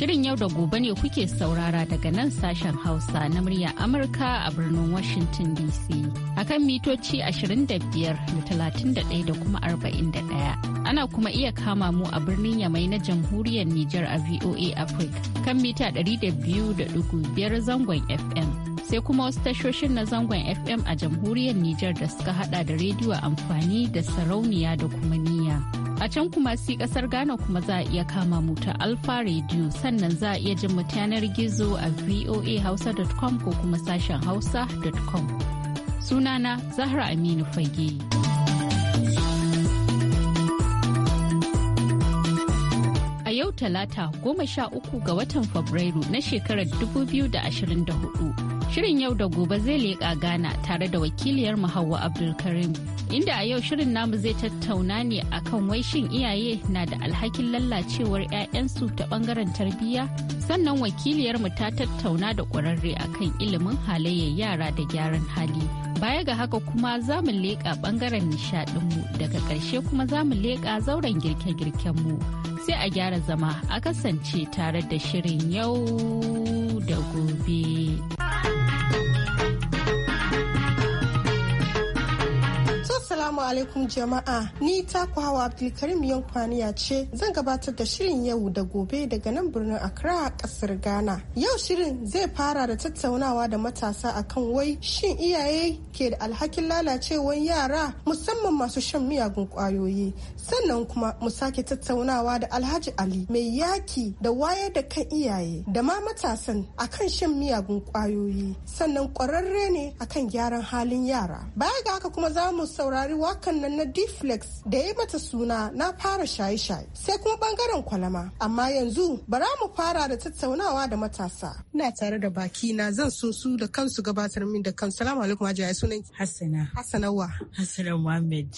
Shirin yau da gobe ne kuke saurara daga nan sashen Hausa na murya Amurka a birnin Washington DC. a kan mitoci 25 da da kuma 41. Ana kuma iya kama mu a birnin Yamai na jamhuriyar Nijar a VOA Africa kan mita 200.5 zangon FM. Sai kuma wasu tashoshin na zangon FM a jamhuriyar Nijar da suka hada da rediyo amfani da sarauniya da kuma ni. A can kuma si kasar Ghana kuma za a iya kama mu ta Alfa Radio sannan za a iya jin mu yanar gizo a voahausa.com ko kuma sashen hausa.com. Sunana Zahra Aminu Fage. A yau talata goma sha uku ga watan Fabrairu na shekarar da da 2024. Shirin yau da gobe zai leƙa Ghana tare da wakiliyar Hauwa Abdulkarim inda a yau shirin namu zai tattauna ne akan wai shin iyaye na da alhakin lallacewar 'ya'yansu ta bangaren tarbiyya sannan wakiliyarmu ta tattauna da ƙwararre kan ilimin halayyar yara da gyaran hali baya ga haka kuma za mu leƙa bangaren nishaɗinmu daga ƙarshe kuma za mu leƙa zauren girke-girkenmu sai a gyara zama a kasance tare da shirin yau da gobe. Assalamu alaikum jama'a ni ta kwawa Abdulkarim Yankwaniya ce zan gabatar da shirin yau da gobe daga nan birnin Accra kasar Ghana. Yau shirin zai fara da tattaunawa da matasa akan wai shin iyaye ke da alhakin lalacewar yara musamman masu shan miyagun kwayoyi sannan kuma mu sake tattaunawa da Alhaji Ali mai yaki da wayar da kan iyaye da ma matasan akan shan miyagun kwayoyi sannan kwararre ne akan gyaran halin yara. Baya ga haka kuma za mu saurari kwari wakan nan na deflex da ya mata suna na fara shaye-shaye sai kuma bangaren kwalama amma yanzu bara mu fara da tattaunawa da matasa ina tare da baki na zan so su da kansu gabatar min da kansu salamu alaikum ajiya sunan hassana hassanawa hassanan muhammad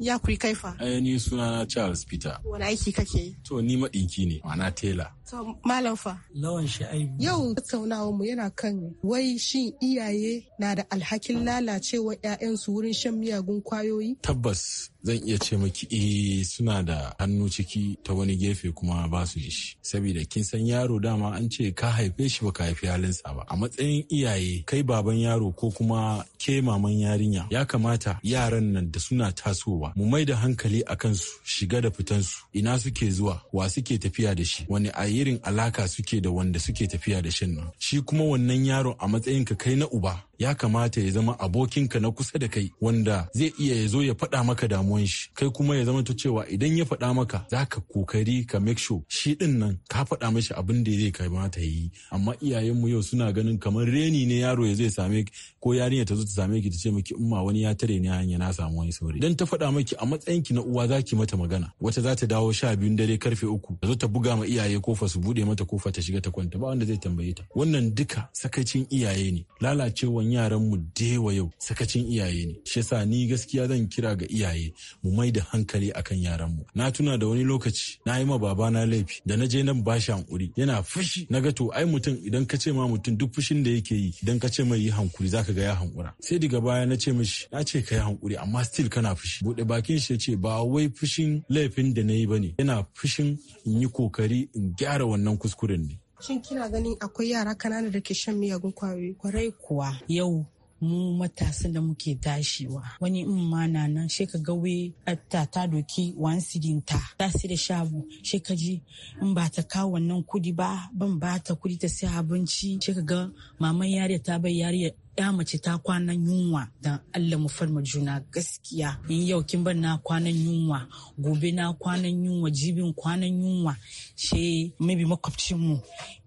Ya kuri kaifa? Ai ni suna Charles Peter. Wani aiki kake? yi? To ni maɗinki ne, ma'ana tela. To malam fa? Lawan sha'ibu. Yau tattaunawar mu yana kan wai shin iyaye na da alhakin lalacewa 'ya'yansu wurin shan miyagun kwayoyi? Tabbas zan iya ce maki eh suna da hannu ciki ta wani gefe kuma ba su ji shi saboda kin san yaro dama an ce ka haife shi baka haifi halinsa ba a matsayin iyaye kai baban yaro ko kuma ke maman yarinya ya kamata yaran nan da suna tasowa mu mai da hankali a kansu shiga da fitan su ina suke zuwa wa suke tafiya da shi wani a irin alaka suke da wanda suke tafiya da shin nan shi kuma wannan yaro a matsayin ka kai na uba ya kamata ya zama abokinka na kusa da kai wanda zai iya ya zo ya faɗa maka damuwan shi kai kuma ya zama ta cewa idan ya faɗa maka za ka kokari ka make sure shi ɗin nan ka faɗa mashi abin da zai kamata yi amma iyayenmu yau suna ganin kamar reni ne yaro ya zai same ko yarinya ta zo ta same ki ta ce miki umma wani ya tare ni hanya na samu wani saurayi dan ta faɗa maki, a matsayin ki na uwa za ki mata magana wata za ta dawo sha biyun dare karfe uku ta zo ta buga ma iyaye kofa su buɗe mata kofa ta shiga ta kwanta ba wanda zai tambaye ta wannan duka sakacin iyaye ne lalacewan yaran mu dewa yau sakacin iyaye ne shi yasa ni gaskiya zan kira ga iyaye mu mai da hankali akan yaran mu na tuna da wani lokaci na yi ma babana laifi da na je nan bashi hankuri yana fushi na ga to ai mutum idan ka ce ma mutum duk fushin da yake yi idan ka ce mai yi hankuri zaka ga ya hankura sai daga baya na ce mishi na ce ka hankuri amma still kana fushi bude bakin shi ce ba wai fushin laifin da na yi bane yana fushin in yi kokari in gyara wannan kuskuren ne Shin kina ganin akwai yara kanana da ke shan miyagun kwayoyi? Kwarai kuwa yau mu matasa da muke tashiwa wani in ma na nan she ka gawe ta ta doki wan ta. ta si da shabu she ka ji in ba ta kawo wannan kudi ba ban ba ta kudi ta sai abinci she ka ga maman yariya ta bai yariya ya mace ta kwanan yunwa dan Allah mu farma juna gaskiya in yau kin bar na kwanan yunwa gobe na kwanan yunwa jibin kwanan yunwa she maybe makwabcin mu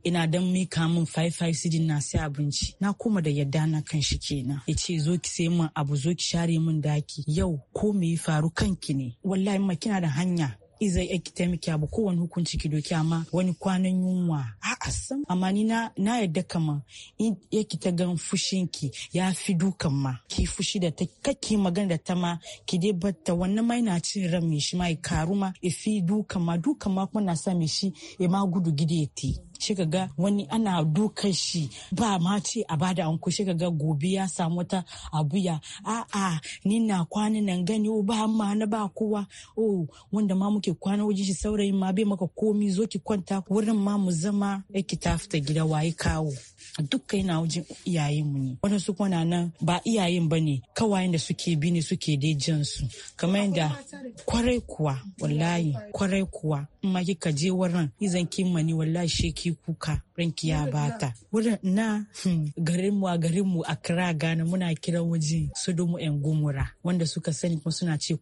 ina dan mika min 55 sidin na sai abinci na koma da yadda na kan shi kenan ya ce zo ki sai mun abu zo ki share mun daki yau ko me faru kanki ne wallahi ma kina da hanya izai aiki ta ba abu kowane hukunci ki doki amma wani kwanan yunwa a sam amma ni na yadda kama in ya ta gan fushin ki ya fi dukan ma ki fushi da ta kake magana da ta ma ki dai batta wannan ma yana cin ran mai shi ma karuma karu ma dukan ma dukan ma kuma na sa mai shi ya ma gudu gidi ya shi ga wani ana dukan shi ba ma ce a bada anko shi ga gobe ya samu wata abuya a'a ni na kwana nan gani o ba ma na ba kowa o wanda ma muke kwana wajen shi saurayin ma bai maka komi zo ki kwanta wurin ma mu zama ki ta gida waye kawo dukka yana wajen iyayenmu ne wani su kuma nan ba iyayen ba ne kawayen da suke bi ne suke dai jan su kamar yadda kwarai kuwa wallahi kwarai kuwa in ma kika je wurin izan kimma ne wallahi sheki kuka ranki ya bata wurin na hmm, garin mu a garin mu a kira gana muna kiran waje su domu yan gumura wanda suka sani kuma suna ce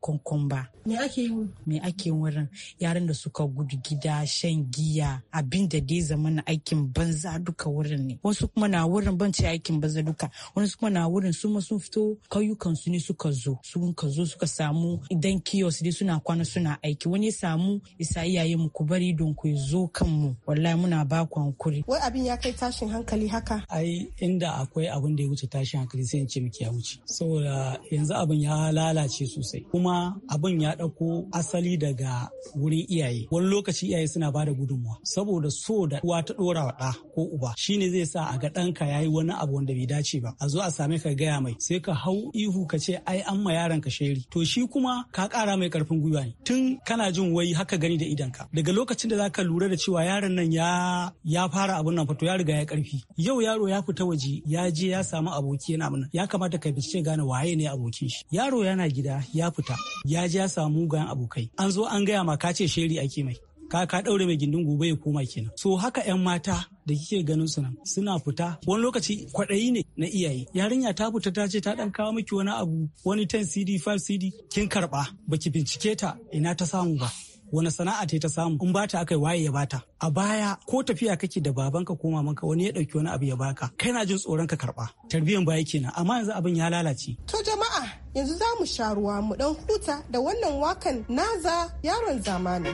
ba me ake yi me ake wurin yaran da suka gudu gida shan giya abin da dai zama aikin banza duka wurin ne wasu kuma na wurin ban ci aikin baza duka wasu kuma na wurin su ma sun fito kauyukan su ne suka zo sun ka zo suka samu idan kiyos dai suna kwana suna aiki wani ya samu isa iyaye mu ku bari don ku zo kan mu wallahi muna ba ku hankuri wai abin ya kai tashin hankali haka ai inda akwai abin da ya wuce tashin hankali sai in ce miki ya wuce saboda yanzu abin ya lalace sosai kuma abin ya dauko asali daga wurin iyaye wani lokaci iyaye suna ba da gudunmuwa saboda so da uwa ta dora wa ɗa ko uba shine zai sa sa a ga ɗanka ya yi wani abu wanda bai dace ba a zo a same ka gaya mai sai ka hau ihu ka ce ai an ma yaron ka sheri to shi kuma ka ƙara mai karfin gwiwa ne tun kana jin wai haka gani da ka. daga lokacin da za ka lura da cewa yaron nan ya ya fara abun nan fato ya riga ya karfi. yau yaro ya fita waje ya je ya samu aboki yana mana ya kamata ka ce gane waye ne abokin shi yaro yana gida ya fita ya je ya samu gayan abokai an zo an gaya ma ka ce sheri ake mai ka ka daure mai gindin gobe ya koma kenan so haka yan mata da kike ganin su nan suna fita wani lokaci kwaɗayi ne na iyaye yarinya ta fita ta ce ta dan kawo miki wani abu wani 10 cd 5 cd kin karba baki bincike ta ina ta samu ba wani sana'a ta ta samu in bata akai waye ya bata a baya ko tafiya kake da babanka ko mamanka wani ya dauki wani abu ya baka kai na jin tsoron ka karba tarbiyan baya kenan amma yanzu abin ya lalace to jama'a yanzu za mu sha ruwa mu dan huta da wannan wakan naza yaron zamani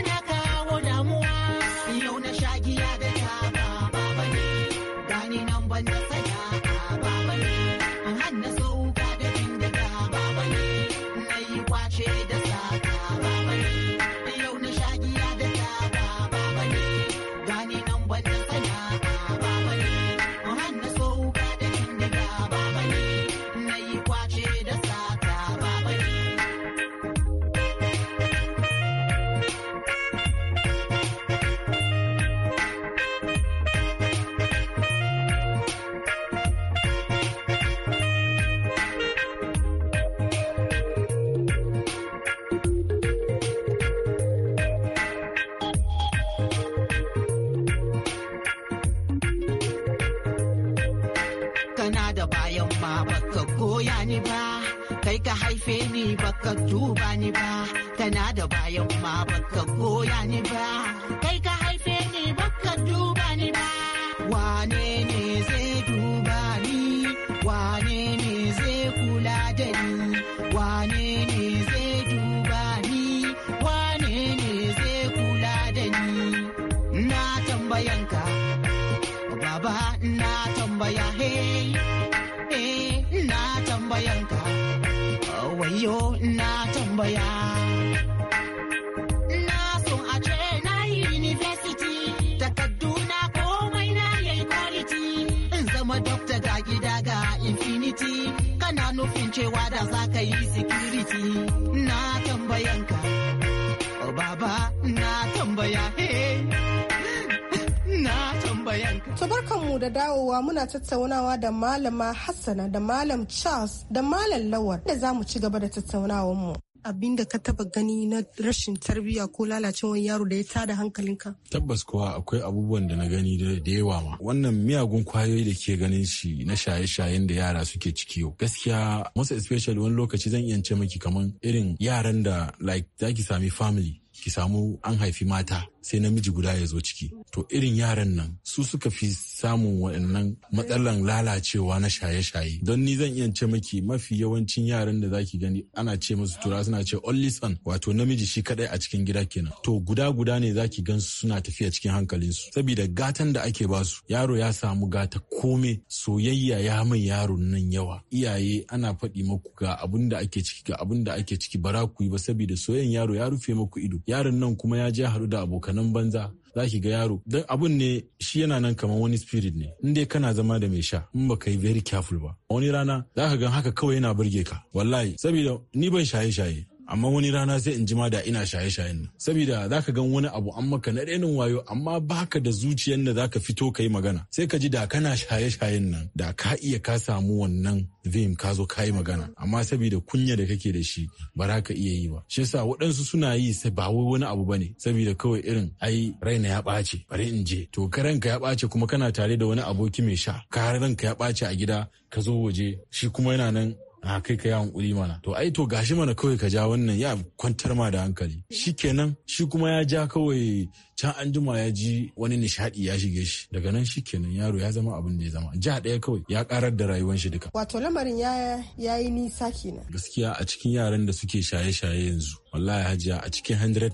España. ni ba kai ka haife ni baka tuba ni ba kana da bayan ma baka goya ni ba kai ka haife ni baka duba ni ba wane ne zai duba ni wane ne zai kula da ni wane ne zai duba ni wane ne zai kula da ni na tambayanka baba na tambaya hey hey tambayanka wayo na tambaya na so a ce na yi university takarduna komai na yayi quality in zama dokta ga gida ga infinity kana nufin cewa da za ka yi security na tambayanka oh, baba na tambaya hey. To barkanmu da dawowa muna tattaunawa da malama Hassana da malam Charles da malam Lawal da za mu ci gaba da tattaunawarmu. abin da ka taba gani na rashin tarbiyya ko lalacewar yaro da ya tada hankalinka? Tabbas kuwa akwai abubuwan da na gani da yawa ma. Wannan miyagun kwayoyi da ke ganin shi na shaye-shayen da yara suke ciki yau. Gaskiya, most especially wani lokaci zan iya ce maki kaman irin yaran da like zaki sami family ki samu an haifi mata sai namiji guda ya zo ciki to irin yaran nan su suka fi samun waɗannan matsalan lalacewa na shaye-shaye don ni zan iya ce maki mafi yawancin yaran da zaki gani ana ce musu tura suna ce only son wato namiji shi kadai a cikin gida kenan to guda guda ne zaki gan suna tafiya cikin hankalin su saboda gatan da ake basu yaro ya samu gata kome soyayya ya mai yaro nan yawa iyaye ana faɗi maku ga abin da ake ciki ga abun da ake ciki bara ku yi ba saboda soyayyan yaro ya rufe maku ido yaron nan kuma ya je haɗu da abokan abokanan banza za ki ga yaro don abun ne shi yana nan kamar wani spirit ne in dai kana zama da mai sha in baka yi very careful ba wani rana za ka gan haka kawai yana burge ka wallahi saboda ni ban shaye shaye amma wani rana sai in ma da ina shaye-shayen nan saboda zaka gan wani abu an maka na renin wayo amma baka da zuciyar da zaka fito ka yi magana sai ka ji da kana shaye-shayen nan da ka iya ka samu wannan vim ka zo ka magana amma saboda kunya da kake da shi ba za ka iya yi ba shi yasa waɗansu suna yi sai ba wai wani abu bane saboda kawai irin ai raina ya ɓace bari in je to ka ranka ya ɓace kuma kana tare da wani aboki mai sha ka ranka ya ɓace a gida ka zo waje shi kuma yana nan a ah, kai ka yi hankuri mana to ai to gashi mana kawai ka ja wannan ya kwantar ma da hankali shikenan shi kuma ya ja kawai can anjima ya ji wani nishadi ya shige shi daga nan shikenan yaro ya zama abin da ya zama ja ɗaya kawai ya karar da rayuwar shi duka wato lamarin ya yi nisa kenan gaskiya a cikin yaran da suke shaye-shaye yanzu wallahi hajiya a cikin 100%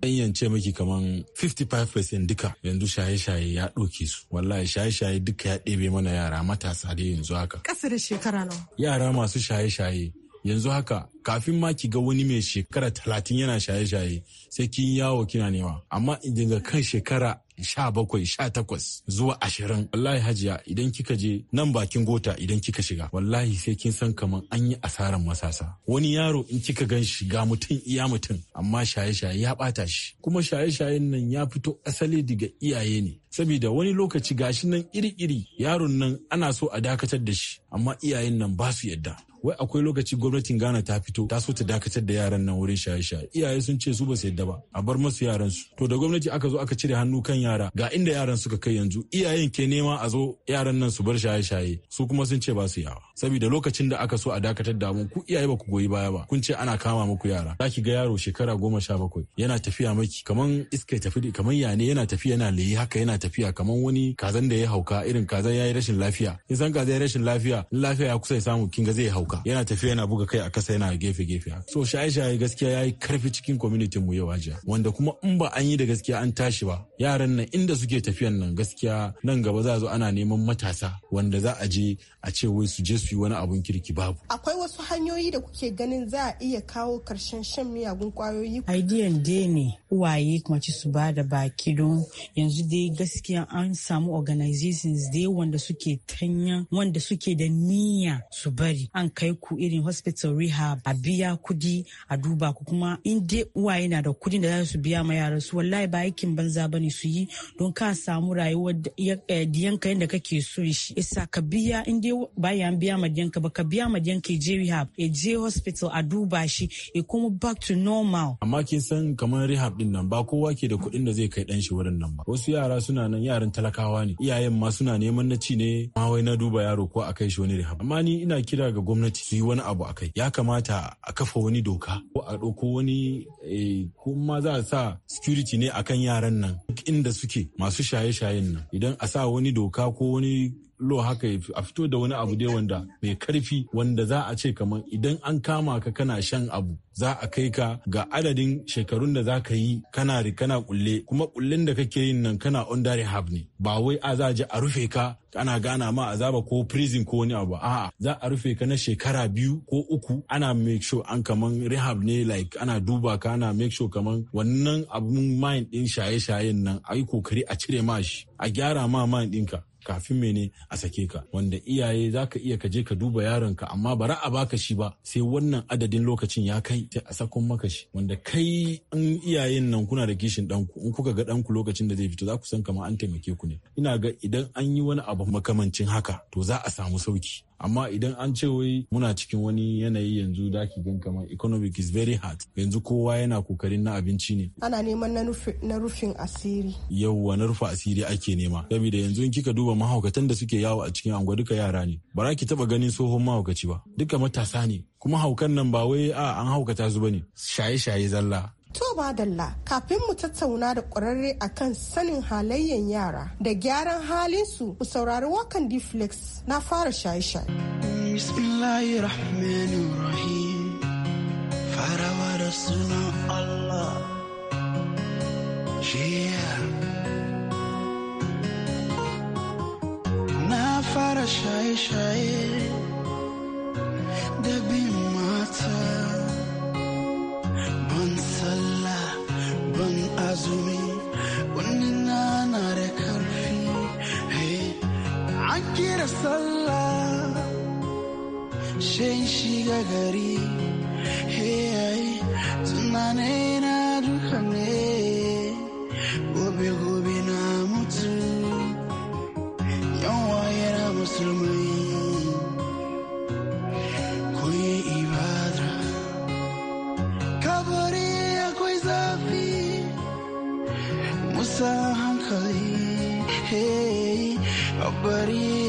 ɗan yance maki kaman 55% duka yanzu shaye-shaye ya ɗauke su wallahi shaye-shaye duka ya ɗebe mana yara matasa da yanzu haka ƙasa da shekara nawa yara masu shaye-shaye yanzu haka kafin ma ki ga wani mai shekara talatin yana shaye-shaye sai kin yawo kina nema amma daga kan shekara sha bakwai sha takwas zuwa ashirin wallahi hajiya idan kika je nan bakin gota idan kika shiga wallahi sai kin san kaman an yi asarar masasa wani yaro in kika gan shi ga mutum iya mutum amma shaye-shaye ya bata shi kuma shaye-shayen nan ya fito asali daga iyaye ne saboda wani lokaci gashi nan iri-iri yaron nan ana so a dakatar da shi amma iyayen nan ba su yadda wai akwai lokaci gwamnatin Ghana ta fito ta so ta dakatar da yaran nan wurin shaye-shaye iyaye sun ce su ba su yadda ba a bar masu yaran su to da gwamnati aka zo aka cire hannu kan yara ga inda yaran suka kai yanzu iyayen ke nema a zo yaran nan su bar shaye-shaye su kuma sun ce ba su yawa saboda lokacin da aka so a dakatar da mu ku iyaye ba ku goyi baya ba kun ce ana kama muku yara zaki ga yaro shekara goma sha bakwai yana tafiya maki kaman iska tafi kaman yane yana tafiya yana leyi haka yana tafiya kamar wani kazan da ya hauka irin kazan ya yi rashin lafiya in san kazan ya yi rashin lafiya in lafiya ya kusa ya samu kinga zai hauka yana tafiya yana buga kai a kasa yana gefe gefe so shaye shaye gaskiya ya yi karfi cikin kwaminitin mu yau ajiya wanda kuma in ba an yi da gaskiya an tashi ba yaran nan inda suke tafiyan nan gaskiya nan gaba za a zo ana neman matasa wanda za a je a ce wai su je su yi wani abun kirki babu akwai wasu hanyoyi da kuke ganin za a iya kawo karshen shan miyagun kwayoyi? Aidiyan dai ne uwaye kuma ci su ba da baki don yanzu dai gaskiya an samu organizations dai wanda suke tanya wanda suke da niyya su bari an kai ku irin hospital rehab a biya kudi a duba ku kuma in dai uwaye na da kudin da za su biya ma yara su wallahi ba aikin banza bane su yi don ka samu rayuwar eh, diyanka yadda kake so shi isa ka biya in dai bayan biya ma diyanka ba ka biya ma diyanka je je rehab ya je hospital a duba shi ya kuma back to normal amma kin san kamar rehab din nan ba kowa ke da kuɗin da zai kai dan shi wurin nan ba wasu yara suna nan yaran talakawa ne iyayen ma suna neman na ci ne ma wai na duba yaro ko a kai shi wani rehab amma ni ina kira ga gwamnati su yi wani abu a kai. ya kamata a kafa wani doka ko a ɗauko wani eh, ko ma za a sa security ne akan yaran nan duk inda suke masu shaye-shayen nan idan a sa wani doka ko wani lo haka ya a fito da wani abu dai wanda mai karfi wanda za a ce kamar idan an kama ka kana shan abu za a kai ka ga adadin shekarun da za ka yi kana kana kulle kuma kullen da kake yin nan kana under rehab ne ba wai a za a rufe ka ana gana ma a zaba ko prison ko wani abu a'a za a rufe ka na shekara biyu ko uku ana make sure an kaman rehab ne like ana duba ka ana make sure kaman wannan abun mind din shaye-shayen nan a yi kokari a cire ma shi a gyara ma mind ɗinka kafin mene a sake ka wanda iyaye za ka iya ka je ka duba yaronka amma bara a baka shi ba sai wannan adadin lokacin ya kai sai a sakon maka shi wanda kai in iyayen nan kuna da kishin ɗanku in kuka ga ɗanku lokacin da zai fito za ku san kamar an taimake ku ne ina ga idan an yi wani abu makamancin haka to za a samu sauki amma idan an ce wai muna cikin wani yanayi yanzu da ki gan kamar economic is very hard yanzu kowa yana kokarin na abinci ne ana neman na rufin asiri yauwa na rufe asiri ake nema saboda yanzu in kika duba mahaukatan da suke yawo a cikin anguwa duka yara ne ba za ki taba ganin tsohon mahaukaci ba duka matasa ne kuma haukan nan ba wai a an haukata su ne. shaye-shaye zalla To Madalla, kafin mu tattauna da ƙwararre akan sanin halayen yara da gyaran halinsu ku saurari wakan Deflex na fara shaye-shaye. Farawa fara shaye mata sallah ban azumi wani na da karfi an kira sallah shan shiga gari tunanai na duka ne gobe gobe but he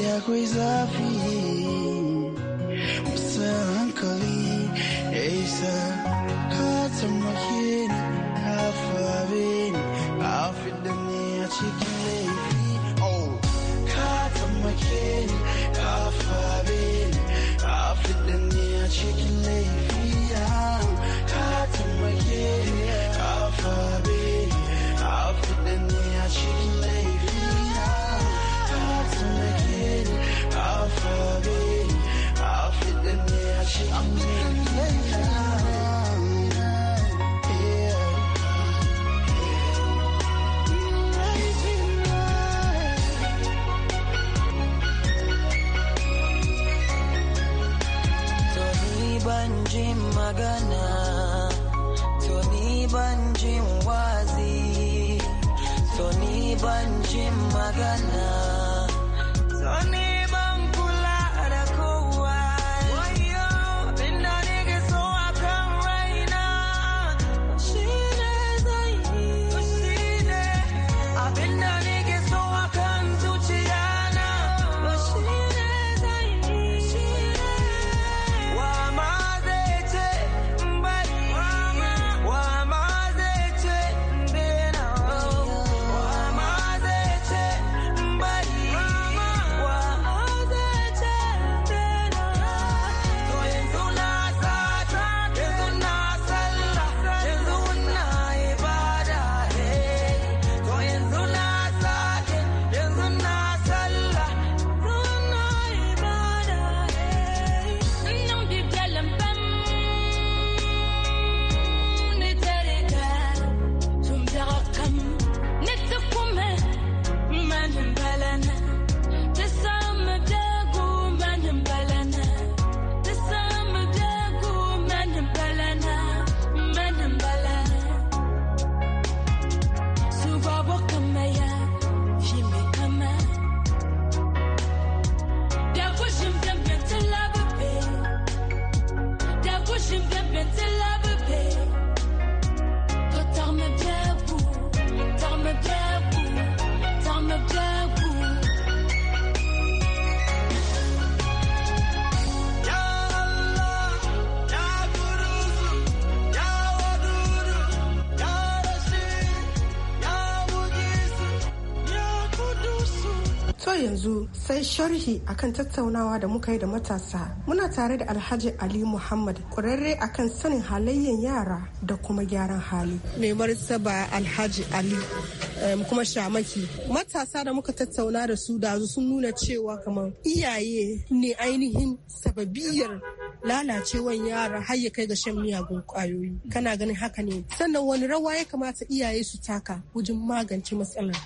kai sharhi akan tattaunawa da muka yi da matasa muna tare da alhaji ali muhammad kwararre akan sanin halayyan yara da kuma gyaran hali mai ba alhaji ali kuma shamaki matasa da muka tattauna da su da sun nuna cewa kamar iyaye ne ainihin sababiyar lalacewar yara har ya kai ga shan miyagun kwayoyi kana ganin haka ne sannan wani rawa ya kamata iyaye su taka wajen magance matsalar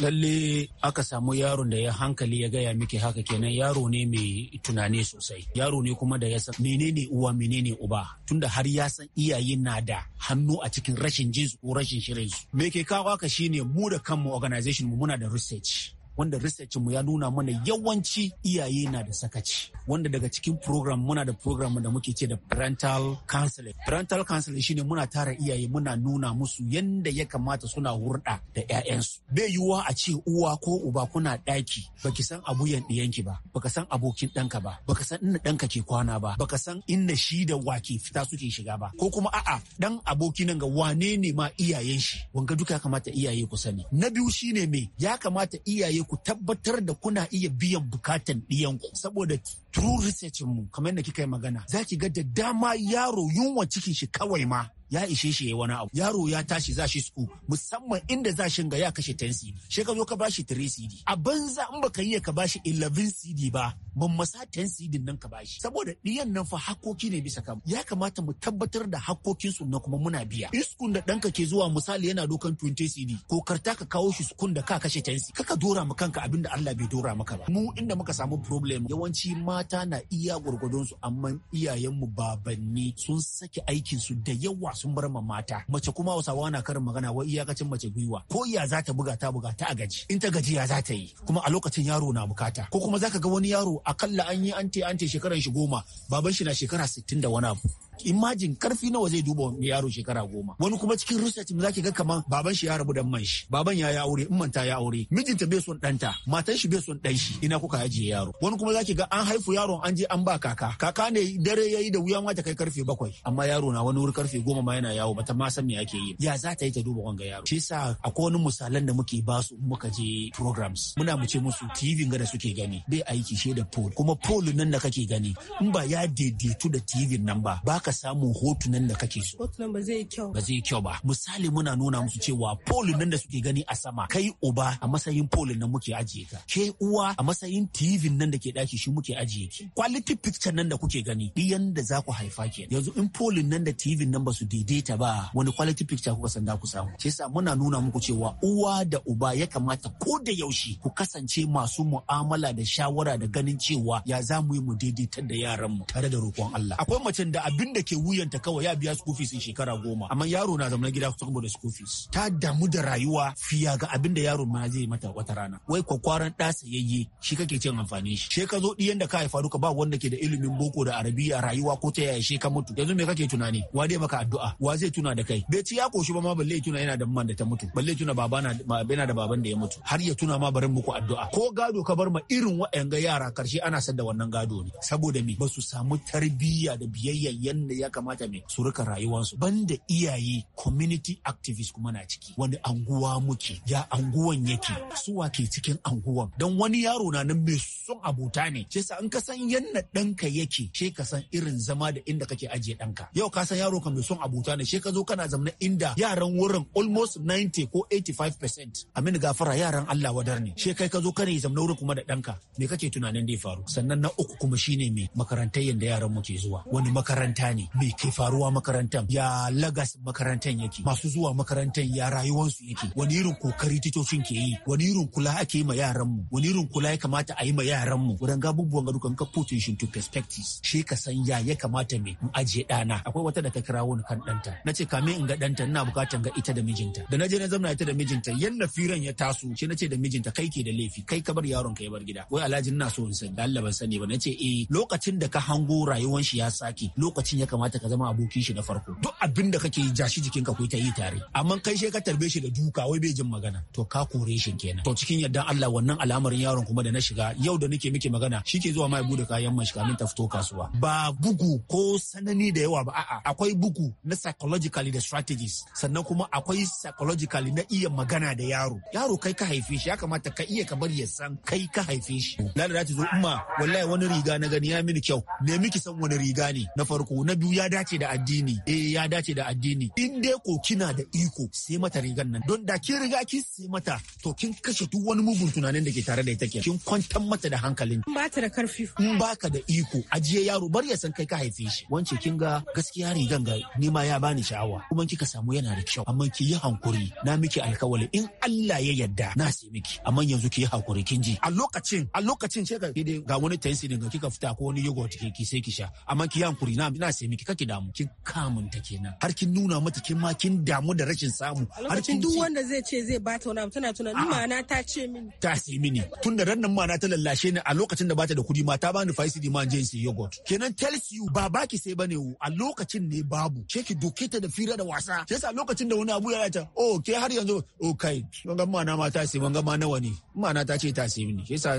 lalle aka samu yaron da ya hankali ya gaya miki haka kenan yaro ne mai tunani sosai yaro ne kuma da ya san menene uwa menene uba tunda har ya san iyaye na da hannu a cikin rashin jinsu ko rashin shirin su me ke kawo ka shine mu da kanmu organization mu muna da research wanda research mu ya nuna mana yawanci iyaye na da sakaci wanda daga cikin program muna da program da muke ce da parental counseling parental counseling shine muna tara iyaye muna nuna musu yanda ya kamata suna hurɗa da 'ya'yansu bai yiwuwa a ce uwa ko uba kuna ɗaki baki san abuyan ɗiyanki ba baka san abokin ɗanka ba baka san inda ɗanka ke kwana ba baka san inda shi da wake fita suke shiga ba ko kuma a'a dan aboki nan ga wane ne ma iyayen shi wanga duka ya kamata iyaye ku sani na biyu shine me ya kamata iyaye ku tabbatar da kuna iya biyan bukatan ɗiyanku saboda true research mu kamar yadda kika yi magana za ki ga da dama yaro yunwa cikin shi kawai ma ya ishe shi ya wani abu yaro ya tashi za shi suku. musamman inda za shi ga ya kashe 10 cd shi ka zo ka bashi 3 cd a banza in baka yi ka bashi 11 cd ba ban masa 10 cd nan ka bashi saboda diyan nan fa hakoki ne bisa kan ya kamata mu tabbatar da hakokin su na kuma muna biya iskun da danka ke zuwa misali yana dokan 20 cd ko karta ka kawo shi sukun da ka kashe 10 cd kaka dora ma kanka abinda Allah bai dora maka ba mu inda muka samu problem yawanci mata na iya gurgudun su amma iyayen mu babanni sun saki aikin su da yawa sun bar ma mata mace kuma hausawa na karin magana wai iyakacin mace gwiwa ko iya za ta buga ta buga ta a gaji in ta gaji ya za ta yi kuma a lokacin yaro na bukata ko kuma zaka ga wani yaro akalla an yi ante ante shekaran shi goma baban shi na shekara sittin da wani abu imajin karfi nawa zai duba yaro shekara goma wani kuma cikin research za zaki ga kaman baban shi ya rabu da man shi baban ya ya aure in ta ya aure mijinta bai son danta matan shi bai son dan shi ina kuka ajiye yaro wani kuma za ga an haifu yaron an je an ba kaka kaka ne dare yayi da wuya ma ta kai karfe bakwai amma yaro na wani wuri karfe goma ma yana yawo bata ma san me yake yi ya za ta yi ta duba wanga yaro shi yasa akwai wani misalan da muke ba su muka je programs muna mu ce musu TV ga da suke gani bai aiki shi da pole kuma pole nan da kake gani in ba ya daidaitu da TV nan ba baka Ka samun hotunan da kake so. Hotunan ba zai kyau. Ba zai kyau ba. Misali muna nuna musu cewa polin nan da suke gani a sama kai uba a matsayin polin nan muke ajiye ka. Ke uwa a matsayin TV nan da ke daki shi muke ajiye ki. Quality picture nan da kuke gani iyanda yanda za ku haifa ke. Yanzu in polin nan da TV nan ba su daidaita ba wani quality picture kuka san da ku samu. Shi yasa muna nuna muku cewa uwa da uba ya kamata ko da yaushe ku kasance masu mu'amala da shawara da ganin cewa ya za mu yi mu daidaitar da yaranmu tare da roƙon Allah. Akwai macen da abin wanda ke wuyanta kawai ya biya school fees in shekara goma amma yaro na zama gida saboda school fees ta damu da rayuwa fiya ga abin da yaro ma zai mata wata rana wai kwakwaran ɗa sayayye shi kake cin amfani shi she ka zo ɗiyan da ka haifa duka ba wanda ke da ilimin boko da arabiya rayuwa ko ta yaya she ka mutu yanzu me kake tunani wa dai maka addu'a wa zai tuna da kai bai ci ya koshi ba ma balle tuna yana da man da ta mutu balle tuna baba na yana da baban da ya mutu har ya tuna ma barin muku addu'a ko gado ka bar ma irin waɗanga yara karshe ana sadda wannan gado ne saboda me ba su samu tarbiyya da biyayya yanda da ya kamata mai su rika rayuwarsu banda iyaye community activist kuma na ciki wani anguwa muke ya anguwan yake suwa ke cikin anguwan don wani yaro na nan mai son abota ne sa in ka san yanna ɗanka yake she ka san irin zama da inda kake ajiye ɗanka yau ka san yaro ka mai son abota ne she ka zo kana zamna inda yaran wurin almost 90 ko 85% amin gafara yaran Allah wadar ne she kai ka zo kana zamna wurin kuma da ɗanka me kake tunanin da ya faru sannan na uku kuma shine me makarantar yanda yaran muke zuwa wani makaranta gane me ke faruwa makarantar ya lagas makarantar yake masu zuwa makarantar ya rayuwarsu yake wani irin kokari titocin ke yi wani irin kula ake yi ma yaran mu wani irin kula ya kamata a yi ma yaran mu wurin gabubuwan ga dukan kafotin shi to perspectives shi ka san ya ya kamata me in ajiye dana akwai wata da ka kira wani kan danta nace kamin in ga danta ina bukatan ga ita da mijinta da na je na zamna ita da mijinta yalla firan ya taso shi ce da mijinta kai ke da laifi kai ka bar yaron ka ya bar gida wai alhaji ina so in san da ban sani ba na ce eh lokacin da ka hango rayuwar shi ya saki lokacin ya kamata ka zama abokin shi na farko duk abin da kake yi jashi jikin ka ta yi tare amma kai sai ka tarbe shi da duka wai bai jin magana to ka kore shi kenan to cikin yaddan Allah wannan al'amarin yaron kuma da na shiga yau da nake miki magana shi ke zuwa mai bude kayan mashi kamin ta fito kasuwa ba bugu ko sanani da yawa ba a'a akwai bugu na psychologically da strategies sannan kuma akwai psychologically na iya magana da yaro yaro kai ka haife shi ya kamata ka iya ka bari ya san kai ka haife shi ta zo umma wallahi wani riga na gani ya mini kyau ne miki san wani riga ne na farko na biyu ya dace da addini eh ya dace da addini in dai ko kina da iko sai mata rigan nan don da kin riga kin sai mata to kin kashe duk wani mugun tunanin da ke tare da ita ke kin kwantar mata da hankalin ba ta da karfi in baka da iko ajiye yaro bar ya san kai ka haife shi wance kin ga gaskiya rigan ga ni ma ya bani sha'awa kuma kika samu yana da kyau amma ki yi hankuri na miki alkawali in Allah ya yarda na sai miki amma yanzu ki yi hankuri kin ji a lokacin a lokacin ce Ka ga wani tensi ga kika fita ko wani yogurt ki sai ki sha amma ki yi hankuri na na sai miki kake damu kin kamunta kenan har kin nuna mata kin ma kin damu da rashin samu har kin duk wanda zai ce zai bata wani abu tana Ni ma'ana ta ce mini ta sai mini tun da rannan ma'ana ta lallashe ni a lokacin da bata da kuɗi ma ta bani faisi di ma je in yogurt kenan tells you ba baki sai bane a lokacin ne babu ke ki doke ta da fira da wasa sai sa lokacin da wani abu ya ta oh ke har yanzu oh kai wanga ma'ana ma ta sai wanga ma nawa ne ma'ana ta ce ta sai mini sai sa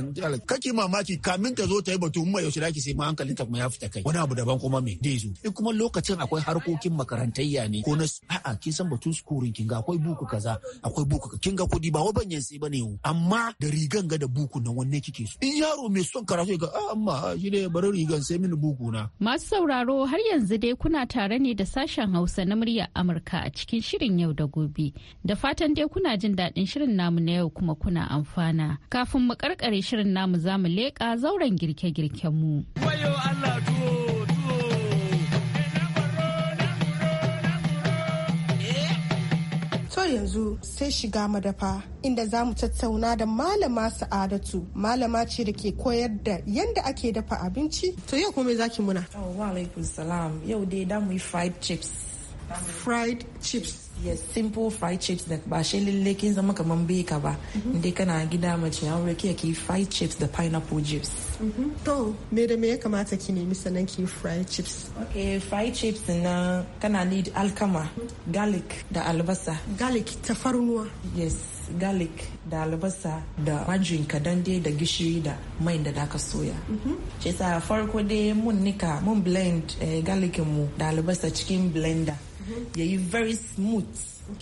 kake mamaki kamin ta zo ta yi batu mai yaushe da ki sai ma hankalin ta kuma ya fita kai wani abu daban kuma me dai zo in eh, kuma lokacin akwai harkokin makarantayya ne ko na a'a kin san batun sukurin kin ga akwai buku kaza akwai buku kin ga kudi ba wa banyan sai bane amma da rigan ga da buku na wanne kike so in yaro mai son karatu ga ah, amma shi ne bari rigan sai mini buku na masu sauraro har yanzu dai kuna tare ne da sashen Hausa na muryar Amurka a cikin shirin yau da gobe da fatan dai kuna jin daɗin shirin namu na yau kuma kuna amfana kafin mu karkare shirin namu zamu leƙa zauren girke-girken mu. Allah To yanzu sai shiga madafa inda za mu tattauna da malama sa'adatu malama ce da ke koyar da yadda ake dafa abinci. To yau kuma za ki muna? Oh, wa alaikum salam. Yau dai da mu yi fried chips. Fried chips. yes simple fried chips da ba shi lalle kin zama kamar beka ba mhm. inda kana gida mace an wuri ki fried chips da pineapple chips mhm. to me da me ya kamata ki nemi sanan ki fried chips okay fried chips na kana need alkama mhm. garlic da albasa garlic ta farnuwa yes garlic da albasa da majin kadan dai da gishiri da mai da daka soya. Shi sa farko dai mun nika mun blend eh, garlic mu da albasa cikin blender. ya mm-hmm. yi very smooth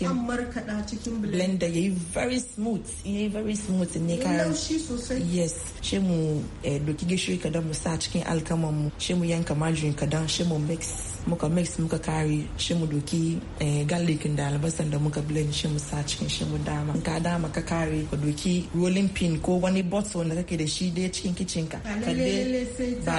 an markaɗa cikin blender ya yi very smooth ya yi very smooth ne ka laushi sosai yes shi mu eh, doki gishiri kadan mu sa cikin alkaman mu shi mu yanka margarine kadan shi mu mix muka mix muka kare shi mu doki eh, garlic da albasan da muka blend shi mu sa cikin shi mu dama ka dama ka kare ka doki rolling pin ko wani bottle da kake da shi dai cikin kitchen ka ba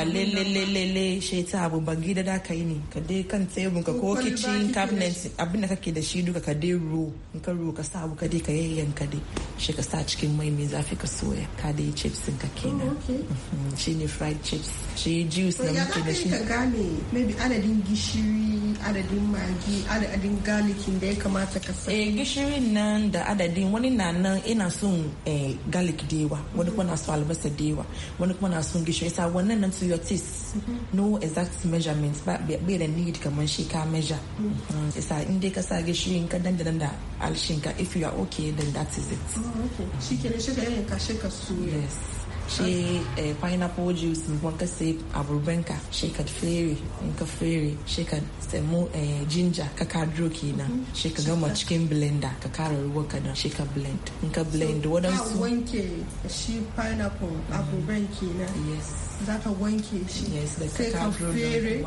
lele lele shi ta abu ba gida da kai ne ka dai kan table ka ko kitchen cabinet abin da kake da shi duka ka dai ro in ka ro ka sa abu ka dai ka ka dai shi ka sa cikin mai mai zafi ka soya ka dai chips ka kenan oh, mhm, shi ne fried chips shi juice da muke da shi ka gane maybe adadin gishi gishiri adadin magi adadin galikin da ya kamata ka sa eh gishirin nan da adadin wani na nan ina son eh, garlic da yawa wani kuma na son albasa da yawa wani kuma na son gishiri sa wannan nan to your taste mhm. no exact measurement ba be da need kamar shi ka measure isa mm. in dai ka sa gishirin ka dan da dan da alshinka if you are okay then that is it oh, okay shi ka shi ka su yes shi eh, pineapple juice mun ka sai a ka fere in ka fere shi ka samu ginger ka kadro kenan shi ka gama cikin blender ka kara ruwa ka da shi ka blend in ka blend wadansu wanke shi pineapple a burbanki na yes za ka wanke shi sai mhm. ka fere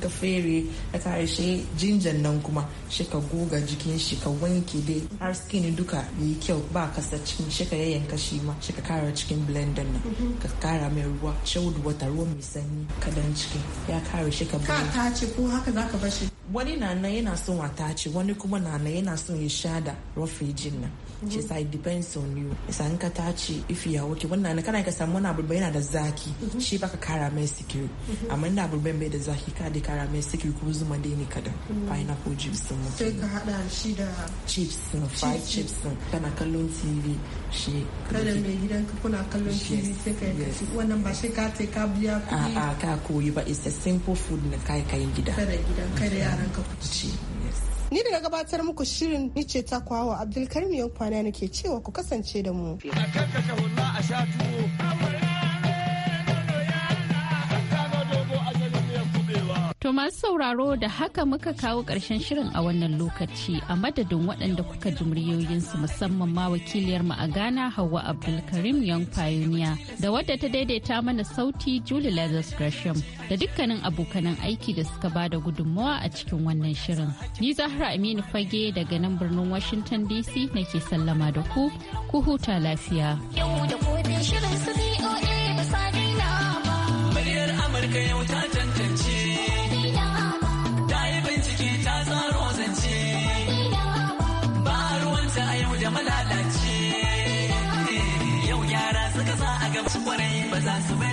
ka fere a tare shi jinjan nan kuma shi ka goga jikin shi ka wanke dai har skin duka yi kyau ba kasa cikin shi ka yayyanka shi ma shi ka kara cikin blender nan mhm. ka kara mai ruwa shaudu wata ruwa mai sanyi dan cikin ya kare shi ka ka tace ko haka za ka bashi wani na nan yana son a tace wani kuma na nan yana son ya sha da rafijin nan mhm. shi sa it depends on you isa in ka tace if ya wannan kana ka samu wani abu yana da za zaki shi baka kara mai sikiri amma ina abarban bai da zaki ka da kara mai sikiri ko zuma da ni kadan pineapple chips din sai ka hada shi da chips din fried chips din kana kallon tv shi kada mai gidan ka kuna kallon tv sai ka yi wannan ba shi ka ce ka biya kuɗi a a ka koyi ba it's a simple food na kai kai gida kada gidan kada yaran ka ku ci Ni daga gabatar muku shirin ni ce ta kwawa Abdulkarim yau kwana nake cewa ku kasance da mu. A kan kashe a sha tuwo. To masu sauraro da haka muka kawo ƙarshen shirin a wannan lokaci a madadin waɗanda kuka ji muryoyinsu musamman ma wakiliyar mu a Ghana Hauwa Abdulkarim Young Pioneer da wadda ta daidaita mana sauti Julie Lazarus Gresham da dukkanin abokanan aiki da suka ba da gudunmawa a cikin wannan shirin. Ni Zahra Aminu Fage daga nan birnin Washington DC nake sallama da ku, ku huta lafiya. Yau da za su